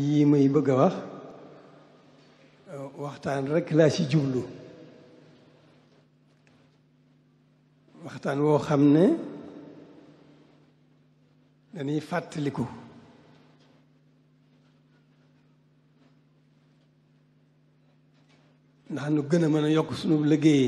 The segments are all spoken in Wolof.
yii may bëgg a wax waxtaan rekk laa ci jublu waxtaan woo xam ne dañuy fàttaliku ndax nu gën a mën a yokk sunu liggéey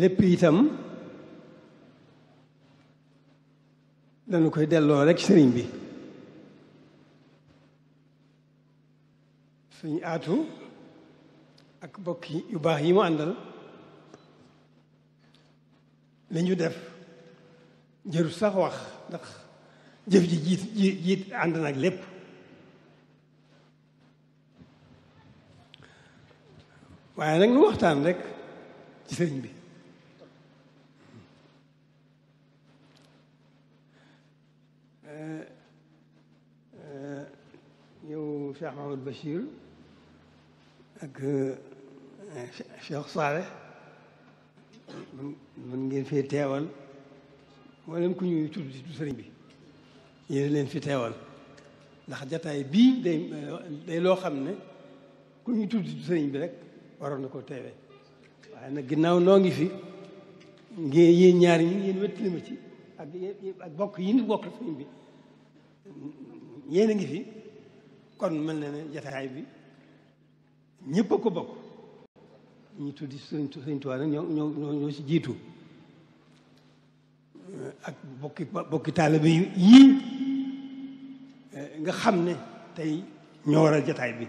lépp itam dañu koy delloo rekk sëriñ bi suñu aatu ak bokki yu baax yi mu àndal li ñu def jëru sax wax ndax jëf ji jiit jiit ànd nag lépp waaye nag nu waxtaan rek ci sëriñ bi Euh, euh, yow Cheikh Mahamad Bachir ak euh, Cheikh Saaleh mën ngeen fi teewal mboolem ku ñuy tudd sëriñ bi yéen leen fi teewal ndax jataay bii day day loo xam ne ku ñuy tudd ci sëriñ bi rek waroon na ko teewe waaye na ginnaaw noo ngi fi ngeen yéen ñaar ñi ngeen wettali ma ci ak bokk yi ñu bokk sëriñ bi yéen a ngi fi kon mel na ne jataay bi ñëpp a ko bokk ñu tuddi sëñ sëñ Tuubaa nag ñoo ñoo ñoo si jiitu ak bokki bokki taalibe yii nga xam ne tey ñoo waral jataay bi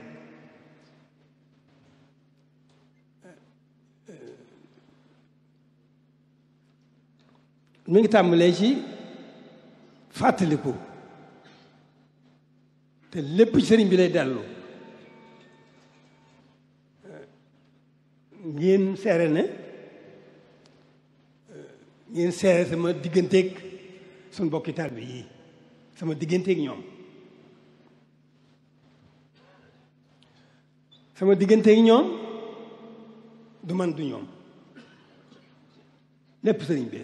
mu ngi tàmb tàmbalee ci fàttaliku te lépp ci sëriñ bi lay dellu ngeen seere ne ngeen seere sama digganteek suñu bokki bi yi sama digganteeg ñoom sama digganteeg ñoom du man du ñoom lépp sëriñ bi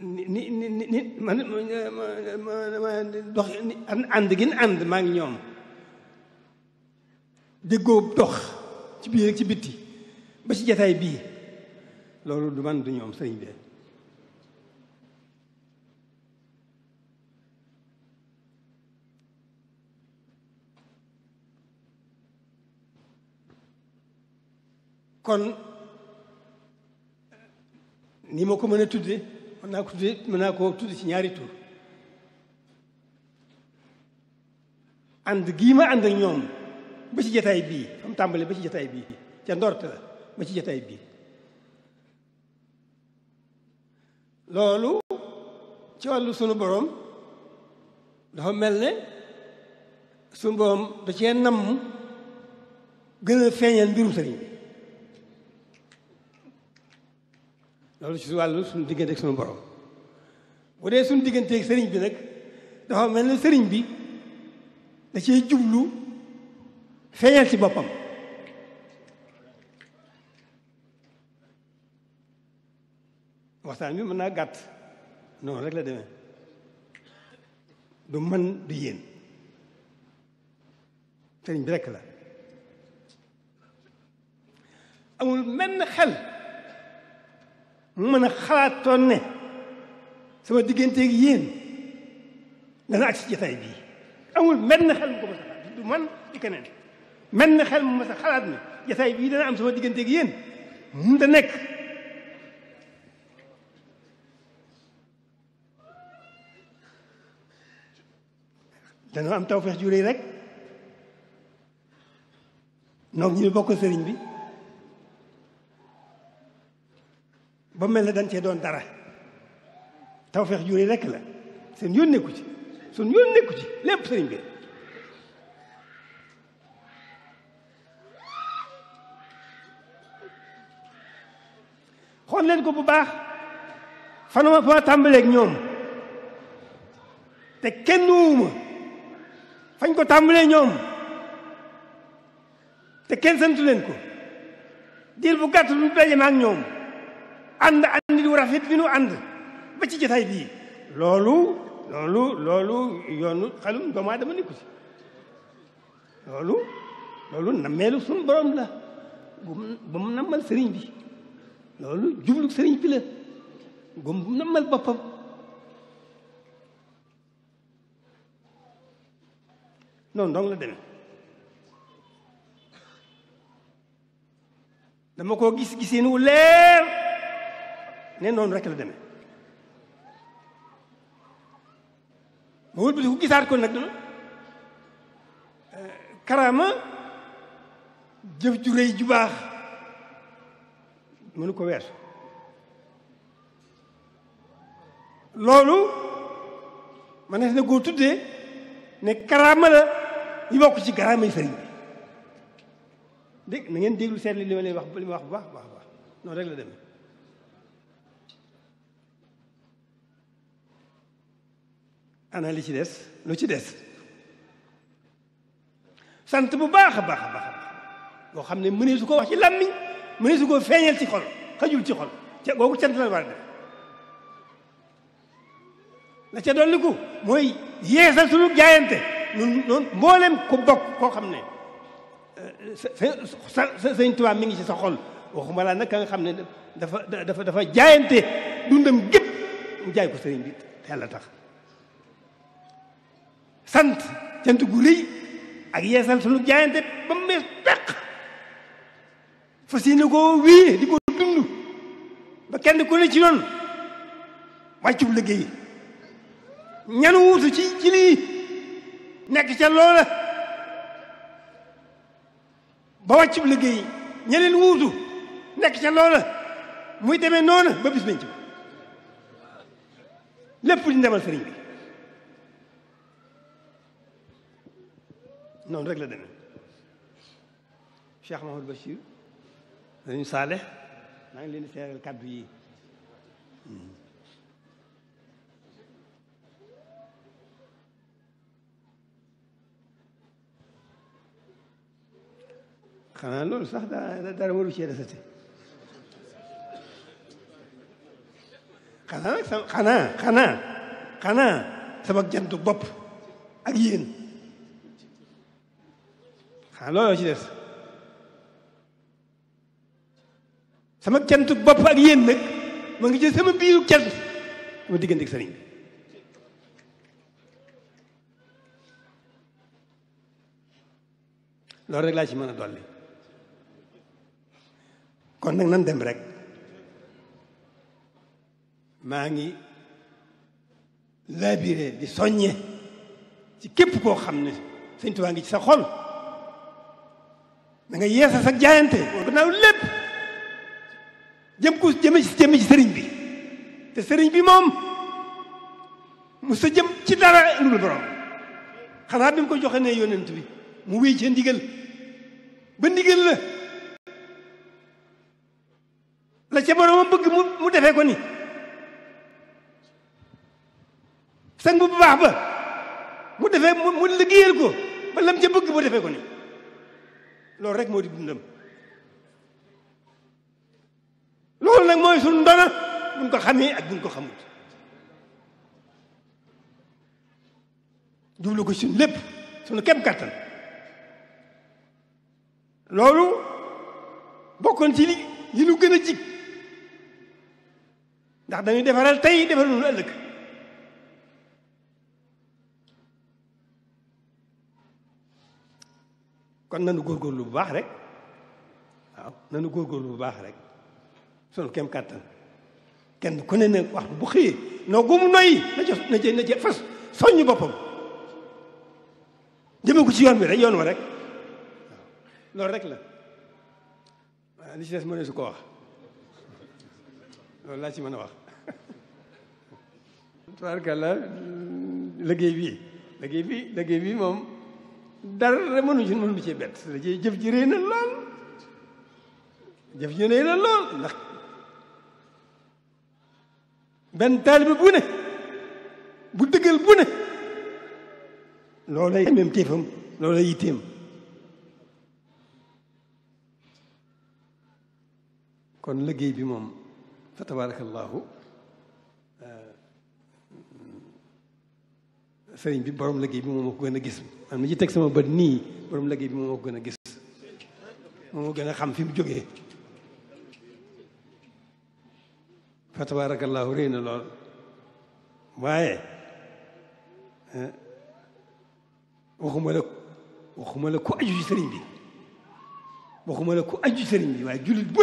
ni ni ni man dox ànd gi ànd maa ngi ñoom déggoo dox ci biir ak ci bitti ba ci jataay bii loolu du man du ñoom sëriñ bi kon ni ma ko mën a tudde mën naa ko tuddee koo tudd ci ñaari tur ànd giima ma ñoom ba ci jataay bii fa mu tàmbale ba ci jataay bii ca ndorte la ba ci jataay bii loolu ci wàllu sunu borom dafa mel ne sunu borom da cee namm gën a feeñal mbirum loolu ci wàllu suñu sunu ak suñu borom bu dee suñu diggante sëriñ bi nag dafa mel ne sëriñ bi da cee jublu feeñal ci boppam waxtaan bi mën naa gàtt noonu rek la demee du man du yéen sëriñ bi rek la amul menn xel من خاطر سوى ديجنتي يين لا نعكس جثاي بي أول من نخل مكمسة خالد من يكنن نعم. من نخل مكمسة خالد من جثاي بي دنا أم سوى ديجنتي يين مدنك لأنه أم توفيق جوري رك نوم يبقى كسرين بي mel ne dañ cee doon dara tawfeex jure rekk la seen yoon nekku ci sun yoon nekku ci lépp sëriñ bi xool leen ko bu baax fanama fa tàmbaleeg ñoom te kenn wuuma fañ ko tàmbalee ñoom te kenn santu leen ko diir bu gàtt lu daje ma ñoom ànd ànd yu rafet bi nu ànd ba ci jotaay bii loolu loolu loolu yoonu xelum doomu aadama nekku ci loolu loolu nammeelu suñu borom la bu mu sëriñ bi loolu jublu sëriñ bi la bu mu nammal dong la demee dama koo gis-gisee nu leer ne noonu rekk la demee ma wëlbati ku gisaat ko nag eh, karaama jëf ju rëy ju baax mënu ko weer loolu ma ne na koo tuddee ne karaama la ñu bokk ci karaama yi sëriñ bi dégg na ngeen déglu seetlu li ma leen wax li ma wax bu baax baax noonu rek la demee ana li ci des lu ci des sant bu baax a baax a baax boo xam ne mënee su ko wax ci làmmiñ mënee su ko feeñal ci xol xajul ci xol ca googu cant la war a def la ca dolliku mooy yeesal suñu jaayante nun noonu mboolem ku bokk koo xam ne euh, sa sëñ Tuubaa mi ngi ci sa xol waxuma laa nag ka nga xam ne dafa dafa dafa jaayante dundam gépp mu jaay ko sëriñ bi te yàlla tax sant sant gu rëy ak yeesal sunu jaayante ba mu mees peq fas yéene koo wii di ko dund ba kenn ku ne ci noonu wàccub liggéey ñan wuutu ci ci lii nekk ca loola ba wàccub liggéey ñeneen wuutu nekk ca loola muy demee noona ba bis bañ ci lépp di ndemal sëriñ bi noonu rek la demee Cheikh Mahmoud Bachir dañu saale maa ngi leen di seeral kàddu yi xanaa loolu sax daa dara waru cee desati xanaa nag sa xanaa xanaa xanaa sama jantu bopp ak yéen loolu la ci des sama cantu bopp ak yéen nag ma ngi jël sama biiru cant sama diggante ak sëriñ bi loolu rek laa ci mën a dolli kon nag nan dem rek maa ngi labiré di soññe ci képp koo xam ne Sëñ Tuubaa ngi ci sa xol da nga yeesal jaayante war gannaaw lépp jëm ku jëme ci jëme bi te sëriñ bi moom mu sa jëm ci dara lu borom xanaa bi ko joxe ne yonent bi mu wéy ci ndigal ba ndigal la la ca boroomam bëgg mu mu defee ko ni sang bu baax ba mu defee mu liggéeyal ko ba lam ca bëgg mu defee ko ni loolu rek moo di dundam loolu nag mooy suñu ndono buñ ko xamee ak buñ ko xamut jublu ko suñ lépp suñu kem kàttan loolu bokkoon ci li li ñu gën a jig ndax dañuy defaral tey defaral nu ëllëg kon nanu góorgóorlu bu baax rek waaw nanu góorgóorlu bu baax rek sunu kem kàttan kenn ku ne ne wax bu xëyee noo gumu noyyi na ca na ca na ca boppam jëme ci yoon bi rek yoon wa rek loolu rek la waaw li ci des mënee su ko wax loolu laa ci mën a wax tubaarkalla liggéey bi liggéey bi liggéey bi moom dara mënuñu ci mënuñu cee bett jëf ji rëy na lool jëf ji rëy na lool ndax benn taalibe bu ne bu dëggal bu ne loolay même téefam loolay yitteem kon liggéey bi moom fa tabarakallahu sëriñ bi borom liggéey bi moom moo gën a gis man mi ci teg sama bët nii borom liggéey bi moom moo gën a gis moom moo gën a xam fi mu jógee fa tabaarakallaahu réy na lool waaye eh, waxuma la waxuma la ku aju ci sëriñ bi waxuma la ku aju bi waaye jullit bu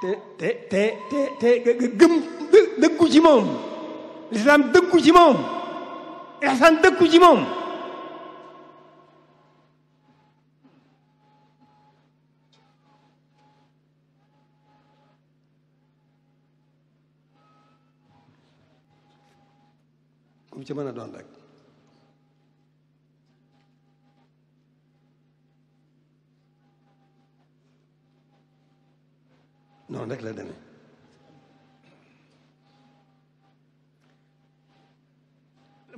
te te te te nga gëm dëkku ci moom lislaam dëkku ci moom ihsaan dëkku ci moom ku ci mën a doon rek noonu rek la demee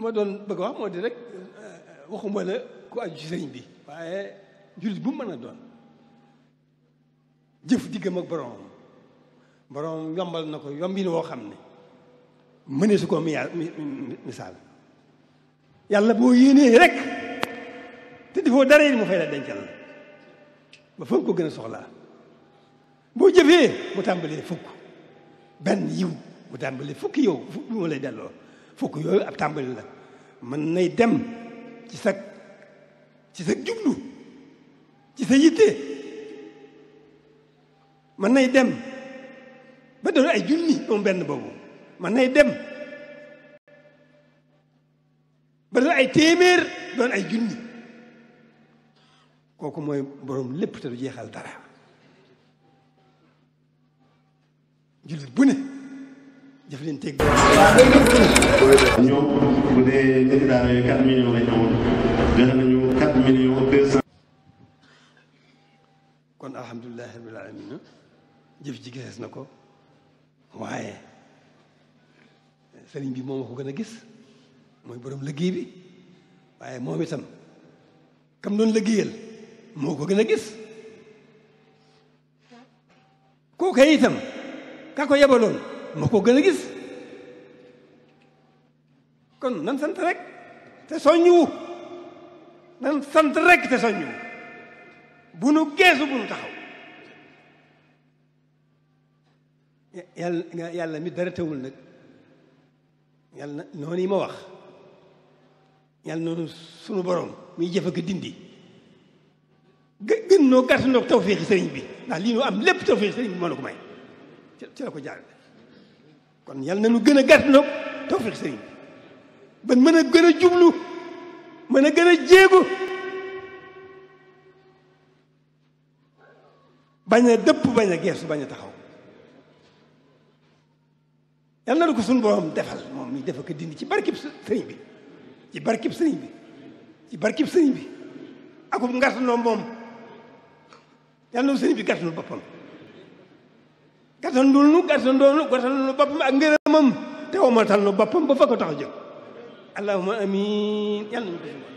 li doon bëgg wax moo di rek eh, waxuma la ku aju ci bi waaye jullit bu mën a doon jëf diggam ak borom borom yombal na ko yombin woo xam ne mënee su ko miyaa misaal yàlla boo yéenee rek te defoo dara yi mu fay la dencal la ba fa nga ko gën a soxlaa boo jëfee mu tàmbalee fukk benn yiw mu tàmbalee fukki yow fukk yu lay delloo fukk yooyu ab tàmbali la mën nay dem ci sa ci sa jublu ci sa yitte mën nay dem ba doon ay junni moom benn boobu mën nay dem ba doon ay téeméer doon ay junni kooku mooy borom lépp te du jeexal dara jullit bu ne jëflanteeg bu ne. ñoom bu dee dëkk daara yooyu 4 millions lañ amoon joxe nañu 4 millions 200. kon alhamdulilah rabbil alamin jëf ji gisees na ko waaye sëriñ bi moom ko gën a gis mooy borom liggéey bi waaye moom itam kam doon liggéeyal moo ko gën a gis kooka itam. ka ko yebaloon moo ko gën a gis kon nan sant rek te soññuwu nan sant rek te soññuwu bu nu geesu bu nu taxaw yàlla yàlla mi dara tawul nag yàlla noonu yi ma wax yàlla noonu sunu borom muy jëf ak dindi gën noo gàtt ndoog tawféexi sëriñ bi ndax lii noo am lépp tawféexi sëriñ bi moo na ko may ci la ko jaarale kon yal na nu gën a gàtt nag tawfiq sëriñ bi ban mën a gën a jublu mën a gën a jéegu bañ a dëpp bañ a geesu bañ a taxaw yal na nu ko suñu defal moom mi defa ko dindi ci barkib sëriñ bi ci barkib sëriñ bi ci barkib sëriñ bi akub ngartanoo moom yal na nu sëriñ bi gàttanu boppam gàttandul nu gàttandoo nu gàttandul nu boppam ak ngërëmam te womatal nu boppam ba fa ko tax a jóg allahumma amin yàlla nañu ko